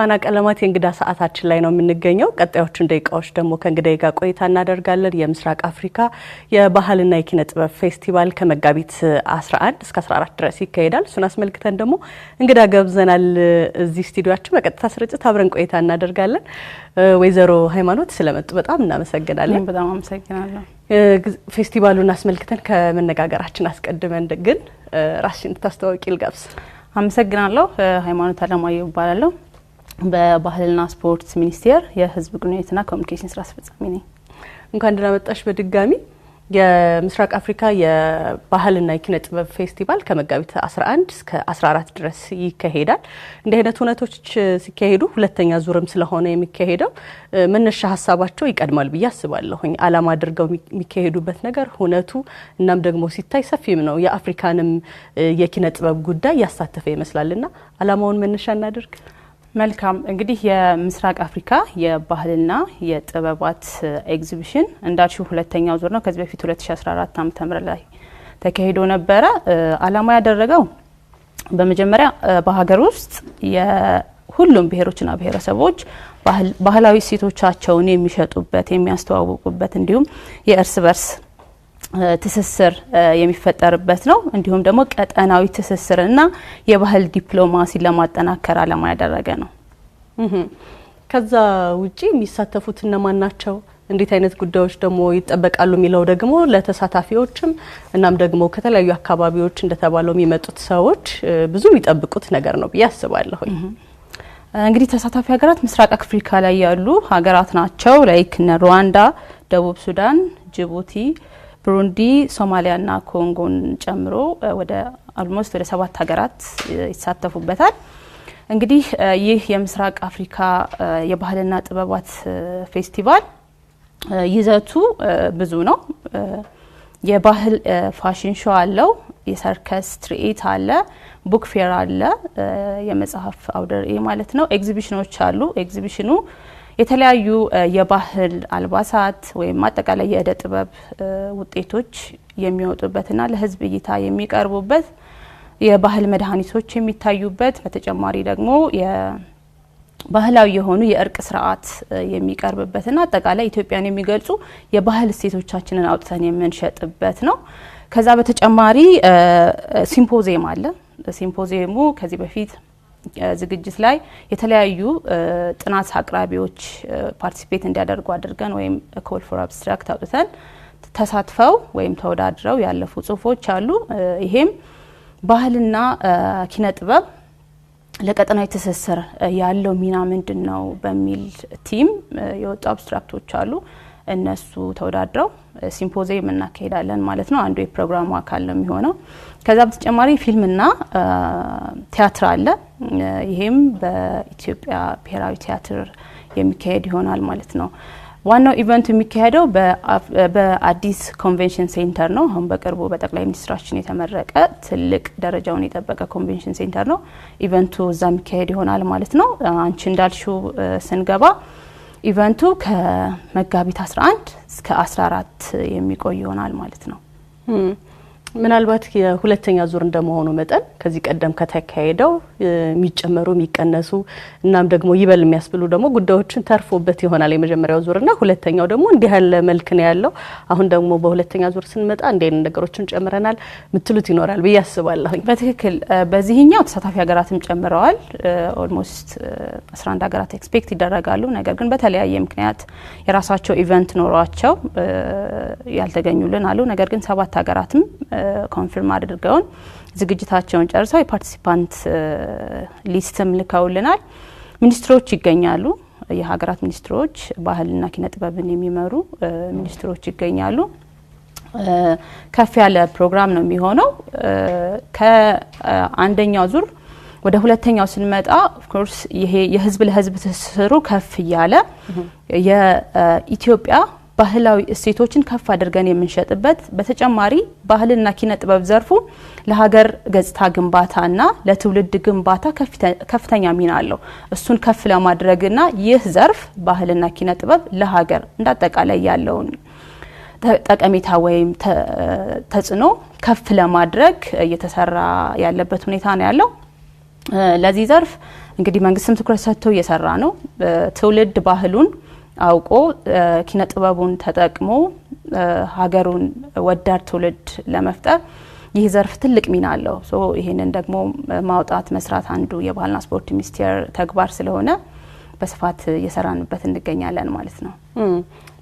ፋና ቀለማት የእንግዳ ሰዓታችን ላይ ነው የምንገኘው። ቀጣዮቹን ደቂቃዎች ደግሞ ከእንግዳ ጋር ቆይታ እናደርጋለን። የምስራቅ አፍሪካ የባህልና የኪነ ጥበብ ፌስቲቫል ከመጋቢት 11 እስከ 14 ድረስ ይካሄዳል። እሱን አስመልክተን ደግሞ እንግዳ ገብዘናል እዚህ ስቱዲዮችን በቀጥታ ስርጭት አብረን ቆይታ እናደርጋለን። ወይዘሮ ሃይማኖት ስለመጡ በጣም እናመሰግናለን። በጣም አመሰግናለሁ። ፌስቲቫሉን አስመልክተን ከመነጋገራችን አስቀድመን ግን ራስሽን እንድታስተዋውቂ ልጋብዝ። አመሰግናለሁ። ሃይማኖት አለማየሁ ይባላለሁ በባህልና ስፖርት ሚኒስቴር የህዝብ ግንኙነትና ኮሚኒኬሽን ስራ አስፈጻሚ ነኝ። እንኳን ደህና መጣሽ በድጋሚ። የምስራቅ አፍሪካ የባህልና የኪነ ጥበብ ፌስቲቫል ከመጋቢት 11 እስከ 14 ድረስ ይካሄዳል። እንዲህ አይነት ሁነቶች ሲካሄዱ ሁለተኛ ዙርም ስለሆነ የሚካሄደው መነሻ ሀሳባቸው ይቀድማል ብዬ አስባለሁኝ። አላማ አድርገው የሚካሄዱበት ነገር ሁነቱ እናም ደግሞ ሲታይ ሰፊም ነው። የአፍሪካንም የኪነ ጥበብ ጉዳይ ያሳተፈ ይመስላልና አላማውን መነሻ እናድርግ። መልካም እንግዲህ የምስራቅ አፍሪካ የባህልና የጥበባት ኤግዚቢሽን እንዳልሽው ሁለተኛው ዙር ነው። ከዚህ በፊት 2014 ዓ ም ላይ ተካሂዶ ነበረ። አላማ ያደረገው በመጀመሪያ በሀገር ውስጥ የሁሉም ብሔሮችና ብሔረሰቦች ባህላዊ እሴቶቻቸውን የሚሸጡበት የሚያስተዋውቁበት እንዲሁም የእርስ በርስ ትስስር የሚፈጠርበት ነው። እንዲሁም ደግሞ ቀጠናዊ ትስስርና የባህል ዲፕሎማሲ ለማጠናከር አላማ ያደረገ ነው። ከዛ ውጪ የሚሳተፉት እነማን ናቸው? እንዴት አይነት ጉዳዮች ደግሞ ይጠበቃሉ የሚለው ደግሞ ለተሳታፊዎችም እናም ደግሞ ከተለያዩ አካባቢዎች እንደተባለው የሚመጡት ሰዎች ብዙ የሚጠብቁት ነገር ነው ብዬ አስባለሁ። እንግዲህ ተሳታፊ ሀገራት ምስራቅ አፍሪካ ላይ ያሉ ሀገራት ናቸው። ላይክ እነ ሩዋንዳ፣ ደቡብ ሱዳን፣ ጅቡቲ ብሩንዲ፣ ሶማሊያና ኮንጎን ጨምሮ ወደ አልሞስት ወደ ሰባት ሀገራት ይሳተፉበታል። እንግዲህ ይህ የምስራቅ አፍሪካ የባህልና ጥበባት ፌስቲቫል ይዘቱ ብዙ ነው። የባህል ፋሽን ሾው አለው። የሰርከስ ትርኢት አለ። ቡክ ፌር አለ። የመጽሐፍ አውደ ርዕይ ማለት ነው። ኤግዚቢሽኖች አሉ። ኤግዚቢሽኑ የተለያዩ የባህል አልባሳት ወይም አጠቃላይ የእደ ጥበብ ውጤቶች የሚወጡበትና ለህዝብ እይታ የሚቀርቡበት የባህል መድኃኒቶች የሚታዩበት በተጨማሪ ደግሞ ባህላዊ የሆኑ የእርቅ ስርዓት የሚቀርብበትና አጠቃላይ ኢትዮጵያን የሚገልጹ የባህል እሴቶቻችንን አውጥተን የምንሸጥበት ነው። ከዛ በተጨማሪ ሲምፖዚየም አለ። ሲምፖዚየሙ ከዚህ በፊት ዝግጅት ላይ የተለያዩ ጥናት አቅራቢዎች ፓርቲሲፔት እንዲያደርጉ አድርገን ወይም ኮል ፎር አብስትራክት አውጥተን ተሳትፈው ወይም ተወዳድረው ያለፉ ጽሁፎች አሉ። ይሄም ባህልና ኪነ ጥበብ ለቀጠናዊ ትስስር ያለው ሚና ምንድን ነው በሚል ቲም የወጡ አብስትራክቶች አሉ። እነሱ ተወዳድረው ሲምፖዚየም እናካሄዳለን ማለት ነው። አንዱ የፕሮግራሙ አካል ነው የሚሆነው። ከዛ በተጨማሪ ፊልምና ቲያትር አለ። ይሄም በኢትዮጵያ ብሔራዊ ቲያትር የሚካሄድ ይሆናል ማለት ነው። ዋናው ኢቨንቱ የሚካሄደው በአዲስ ኮንቬንሽን ሴንተር ነው። አሁን በቅርቡ በጠቅላይ ሚኒስትራችን የተመረቀ ትልቅ ደረጃውን የጠበቀ ኮንቬንሽን ሴንተር ነው። ኢቨንቱ እዛ የሚካሄድ ይሆናል ማለት ነው። አንቺ እንዳልሽው ስንገባ ኢቨንቱ ከመጋቢት 11 እስከ 14 የሚቆይ ይሆናል ማለት ነው። ምናልባት የሁለተኛ ዙር እንደመሆኑ መጠን ከዚህ ቀደም ከተካሄደው የሚጨመሩ የሚቀነሱ እናም ደግሞ ይበል የሚያስብሉ ደግሞ ጉዳዮችን ተርፎበት ይሆናል የመጀመሪያው ዙርና ሁለተኛው ደግሞ እንዲህ ያለ መልክ ነው ያለው። አሁን ደግሞ በሁለተኛ ዙር ስንመጣ እንዲህ አይነት ነገሮችን ጨምረናል ምትሉት ይኖራል ብዬ አስባለሁኝ። በትክክል በዚህኛው ተሳታፊ ሀገራትም ጨምረዋል። ኦልሞስት 11 ሀገራት ኤክስፔክት ይደረጋሉ። ነገር ግን በተለያየ ምክንያት የራሳቸው ኢቨንት ኖሯቸው ያልተገኙልን አሉ። ነገር ግን ሰባት ሀገራትም ኮንፊርም አድርገውን ዝግጅታቸውን ጨርሰው የፓርቲሲፓንት ሊስትም ልከውልናል። ሚኒስትሮች ይገኛሉ። የሀገራት ሚኒስትሮች፣ ባህልና ኪነ ጥበብን የሚመሩ ሚኒስትሮች ይገኛሉ። ከፍ ያለ ፕሮግራም ነው የሚሆነው። ከአንደኛው ዙር ወደ ሁለተኛው ስንመጣ ኦፍኮርስ ይሄ የህዝብ ለህዝብ ትስስሩ ከፍ እያለ የኢትዮጵያ ባህላዊ እሴቶችን ከፍ አድርገን የምንሸጥበት በተጨማሪ ባህልና ኪነ ጥበብ ዘርፉ ለሀገር ገጽታ ግንባታና ለትውልድ ግንባታ ከፍተኛ ሚና አለው። እሱን ከፍ ለማድረግና ይህ ዘርፍ ባህልና ኪነ ጥበብ ለሀገር እንዳጠቃላይ ያለውን ጠቀሜታ ወይም ተጽዕኖ ከፍ ለማድረግ እየተሰራ ያለበት ሁኔታ ነው ያለው። ለዚህ ዘርፍ እንግዲህ መንግስትም ትኩረት ሰጥቶ እየሰራ ነው። ትውልድ ባህሉን አውቆ ኪነ ጥበቡን ተጠቅሞ ሀገሩን ወዳድ ትውልድ ለመፍጠር ይህ ዘርፍ ትልቅ ሚና አለው። ይህንን ደግሞ ማውጣት መስራት አንዱ የባህልና ስፖርት ሚኒስቴር ተግባር ስለሆነ በስፋት እየሰራንበት እንገኛለን ማለት ነው።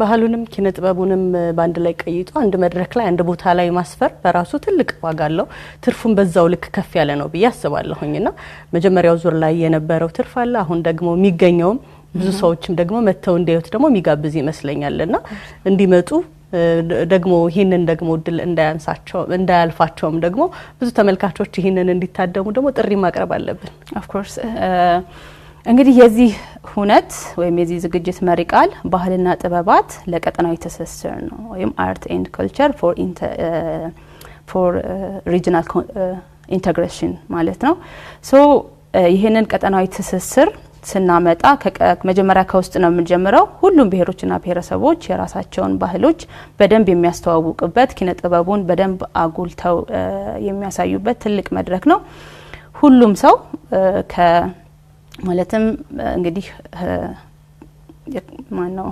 ባህሉንም ኪነ ጥበቡንም በአንድ ላይ ቀይጦ አንድ መድረክ ላይ አንድ ቦታ ላይ ማስፈር በራሱ ትልቅ ዋጋ አለው። ትርፉን በዛው ልክ ከፍ ያለ ነው ብዬ አስባለሁኝ ና መጀመሪያው ዙር ላይ የነበረው ትርፍ አለ። አሁን ደግሞ የሚገኘውም ብዙ ሰዎችም ደግሞ መጥተው እንዲያዩት ደግሞ የሚጋብዝ ይመስለኛል ና እንዲመጡ ደግሞ ይህንን ደግሞ እድል እንዳያንሳቸው እንዳያልፋቸውም ደግሞ ብዙ ተመልካቾች ይህንን እንዲታደሙ ደግሞ ጥሪ ማቅረብ አለብን። ኦፍኮርስ እንግዲህ የዚህ ሁነት ወይም የዚህ ዝግጅት መሪ ቃል ባህልና ጥበባት ለቀጠናዊ ትስስር ነው ወይም አርት ኤንድ ኮልቸር ፎር ሪጅናል ኢንተግሬሽን ማለት ነው። ሶ ይህንን ቀጠናዊ ትስስር ስናመጣ መጀመሪያ ከውስጥ ነው የምንጀምረው። ሁሉም ብሔሮችና ብሔረሰቦች የራሳቸውን ባህሎች በደንብ የሚያስተዋውቅበት ኪነ ጥበቡን በደንብ አጉልተው የሚያሳዩበት ትልቅ መድረክ ነው። ሁሉም ሰው ማለትም እንግዲህ ማነው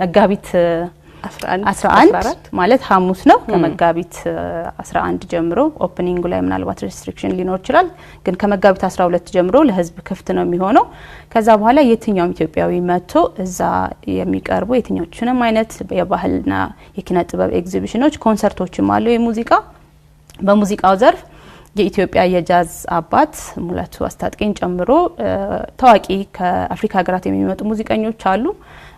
መጋቢት 11 ማለት ሐሙስ ነው። ከመጋቢት 11 ጀምሮ ኦፕኒንጉ ላይ ምናልባት ሬስትሪክሽን ሊኖር ይችላል፣ ግን ከመጋቢት 12 ጀምሮ ለህዝብ ክፍት ነው የሚሆነው። ከዛ በኋላ የትኛውም ኢትዮጵያዊ መጥቶ እዛ የሚቀርቡ የትኞቹንም አይነት የባህልና የኪነ ጥበብ ኤግዚቢሽኖች፣ ኮንሰርቶችም አሉ። የሙዚቃ በሙዚቃው ዘርፍ የኢትዮጵያ የጃዝ አባት ሙላቱ አስታጥቄን ጨምሮ ታዋቂ ከአፍሪካ ሀገራት የሚመጡ ሙዚቀኞች አሉ።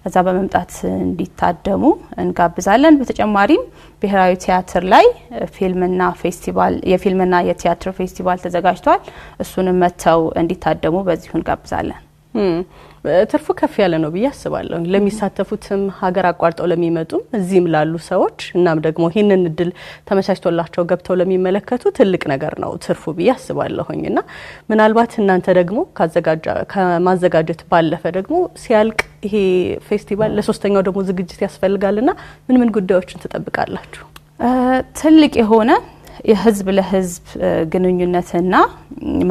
እዛ በመምጣት እንዲታደሙ እንጋብዛለን። በተጨማሪም ብሔራዊ ቲያትር ላይ ፊልምና ፌስቲቫል የፊልምና የቲያትር ፌስቲቫል ተዘጋጅቷል። እሱንም መጥተው እንዲታደሙ በዚሁ እንጋብዛለን። ትርፉ ከፍ ያለ ነው ብዬ አስባለሁ። ለሚሳተፉትም ሀገር አቋርጠው ለሚመጡም እዚህም ላሉ ሰዎች እናም ደግሞ ይህንን እድል ተመቻችቶላቸው ገብተው ለሚመለከቱ ትልቅ ነገር ነው ትርፉ ብዬ አስባለሁኝ እና ምናልባት እናንተ ደግሞ ከማዘጋጀት ባለፈ ደግሞ ሲያልቅ ይሄ ፌስቲቫል ለሶስተኛው ደግሞ ዝግጅት ያስፈልጋል ያስፈልጋልና ምን ምን ጉዳዮችን ትጠብቃላችሁ? ትልቅ የሆነ የህዝብ ለህዝብ ግንኙነትና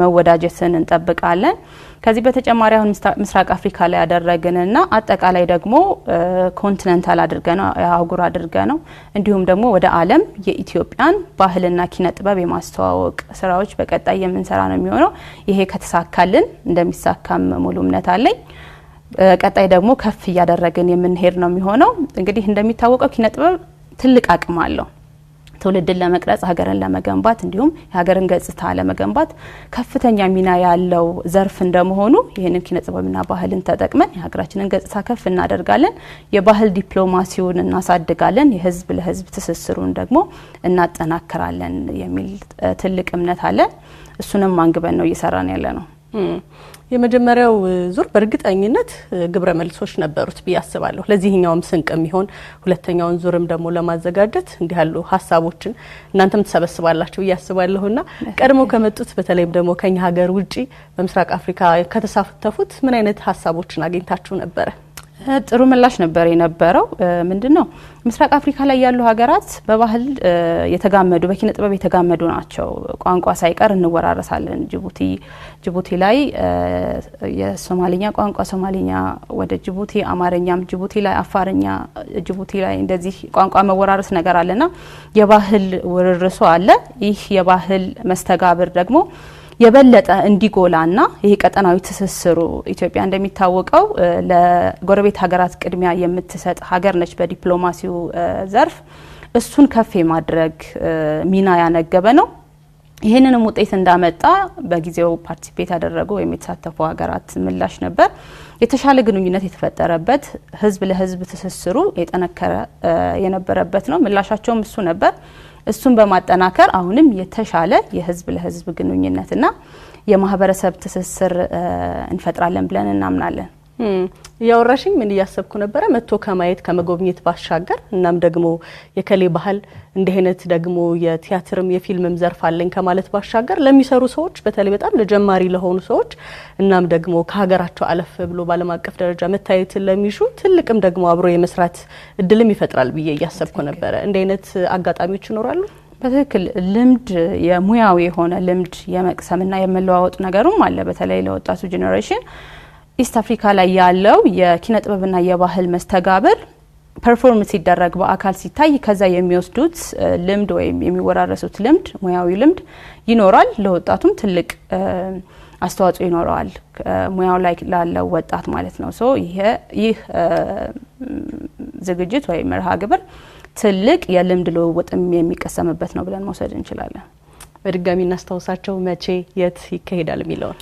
መወዳጀትን እንጠብቃለን። ከዚህ በተጨማሪ አሁን ምስራቅ አፍሪካ ላይ ያደረግንና አጠቃላይ ደግሞ ኮንቲነንታል አድርገ ነው አህጉር አድርገ ነው እንዲሁም ደግሞ ወደ ዓለም የኢትዮጵያን ባህልና ኪነ ጥበብ የማስተዋወቅ ስራዎች በቀጣይ የምንሰራ ነው የሚሆነው። ይሄ ከተሳካልን እንደሚሳካም ሙሉ እምነት አለኝ። ቀጣይ ደግሞ ከፍ እያደረግን የምንሄድ ነው የሚሆነው። እንግዲህ እንደሚታወቀው ኪነ ጥበብ ትልቅ አቅም አለው። ትውልድን ለመቅረጽ ሀገርን ለመገንባት እንዲሁም የሀገርን ገጽታ ለመገንባት ከፍተኛ ሚና ያለው ዘርፍ እንደመሆኑ ይህንን ኪነ ጥበብና ባህልን ተጠቅመን የሀገራችንን ገጽታ ከፍ እናደርጋለን፣ የባህል ዲፕሎማሲውን እናሳድጋለን፣ የህዝብ ለህዝብ ትስስሩን ደግሞ እናጠናክራለን የሚል ትልቅ እምነት አለን። እሱንም አንግበን ነው እየሰራን ያለ ነው። የመጀመሪያው ዙር በእርግጠኝነት ግብረ መልሶች ነበሩት ብዬ አስባለሁ። ለዚህኛውም ስንቅ የሚሆን ሁለተኛውን ዙርም ደግሞ ለማዘጋጀት እንዲህ ያሉ ሀሳቦችን እናንተም ትሰበስባላችሁ ብዬ አስባለሁ ና ቀድሞ ከመጡት በተለይም ደግሞ ከኛ ሀገር ውጪ በምስራቅ አፍሪካ ከተሳተፉት ምን አይነት ሀሳቦችን አግኝታችሁ ነበረ? ጥሩ ምላሽ ነበር የነበረው። ምንድን ነው ምስራቅ አፍሪካ ላይ ያሉ ሀገራት በባህል የተጋመዱ በኪነ ጥበብ የተጋመዱ ናቸው። ቋንቋ ሳይቀር እንወራረሳለን። ጅቡቲ ጅቡቲ ላይ የሶማሊኛ ቋንቋ ሶማሊኛ ወደ ጅቡቲ፣ አማርኛም ጅቡቲ ላይ፣ አፋርኛ ጅቡቲ ላይ እንደዚህ ቋንቋ መወራረስ ነገር አለና የባህል ውርርሶ አለ። ይህ የባህል መስተጋብር ደግሞ የበለጠ እንዲጎላና ይሄ ቀጠናዊ ትስስሩ ኢትዮጵያ እንደሚታወቀው ለጎረቤት ሀገራት ቅድሚያ የምትሰጥ ሀገር ነች በዲፕሎማሲው ዘርፍ እሱን ከፍ የማድረግ ሚና ያነገበ ነው። ይህንንም ውጤት እንዳመጣ በጊዜው ፓርቲሲፔት ያደረጉ ወይም የተሳተፉ ሀገራት ምላሽ ነበር። የተሻለ ግንኙነት የተፈጠረበት ህዝብ ለህዝብ ትስስሩ የጠነከረ የነበረበት ነው። ምላሻቸውም እሱ ነበር። እሱን በማጠናከር አሁንም የተሻለ የህዝብ ለህዝብ ግንኙነትና የማህበረሰብ ትስስር እንፈጥራለን ብለን እናምናለን። እያወራሽኝ ምን እያሰብኩ ነበረ መጥቶ ከማየት ከመጎብኘት ባሻገር እናም ደግሞ የከሌ ባህል እንዲህ አይነት ደግሞ የቲያትርም የፊልምም ዘርፍ አለኝ ከማለት ባሻገር ለሚሰሩ ሰዎች በተለይ በጣም ለጀማሪ ለሆኑ ሰዎች እናም ደግሞ ከሀገራቸው አለፍ ብሎ በዓለም አቀፍ ደረጃ መታየትን ለሚሹ ትልቅም ደግሞ አብሮ የመስራት እድልም ይፈጥራል ብዬ እያሰብኩ ነበረ። እንዲህ አይነት አጋጣሚዎች ይኖራሉ። በትክክል ልምድ የሙያዊ የሆነ ልምድ የመቅሰምና የመለዋወጥ ነገሩም አለ። በተለይ ለወጣቱ ጄኔሬሽን ኢስት አፍሪካ ላይ ያለው የኪነ ጥበብና የባህል መስተጋብር ፐርፎርም ሲደረግ በአካል ሲታይ ከዛ የሚወስዱት ልምድ ወይም የሚወራረሱት ልምድ ሙያዊ ልምድ ይኖራል። ለወጣቱም ትልቅ አስተዋጽኦ ይኖረዋል፣ ሙያው ላይ ላለው ወጣት ማለት ነው። ሶ ይህ ዝግጅት ወይም መርሃ ግብር ትልቅ የልምድ ልውውጥም የሚቀሰምበት ነው ብለን መውሰድ እንችላለን። በድጋሚ እናስታውሳቸው፣ መቼ የት ይካሄዳል የሚለውን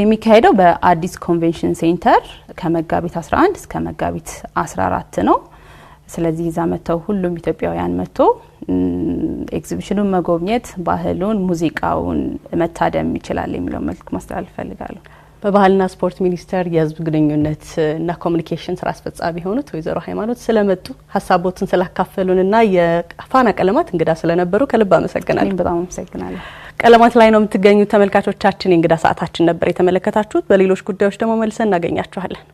የሚካሄደው በአዲስ ኮንቬንሽን ሴንተር ከመጋቢት 11 እስከ መጋቢት 14 ነው። ስለዚህ እዛ መጥተው ሁሉም ኢትዮጵያውያን መጥቶ ኤግዚቢሽኑን መጎብኘት፣ ባህሉን፣ ሙዚቃውን መታደም ይችላል የሚለው መልክ ማስተላለፍ እፈልጋለሁ። በባህልና ስፖርት ሚኒስቴር የህዝብ ግንኙነት እና ኮሚኒኬሽን ስራ አስፈጻሚ የሆኑት ወይዘሮ ሃይማኖት ስለመጡ ሀሳቦትን ስላካፈሉንና የፋና ቀለማት እንግዳ ስለነበሩ ከልብ አመሰግናለሁ። በጣም አመሰግናለሁ። ቀለማት ላይ ነው የምትገኙት ተመልካቾቻችን። የእንግዳ ሰዓታችን ነበር የተመለከታችሁት። በሌሎች ጉዳዮች ደግሞ መልሰን እናገኛችኋለን።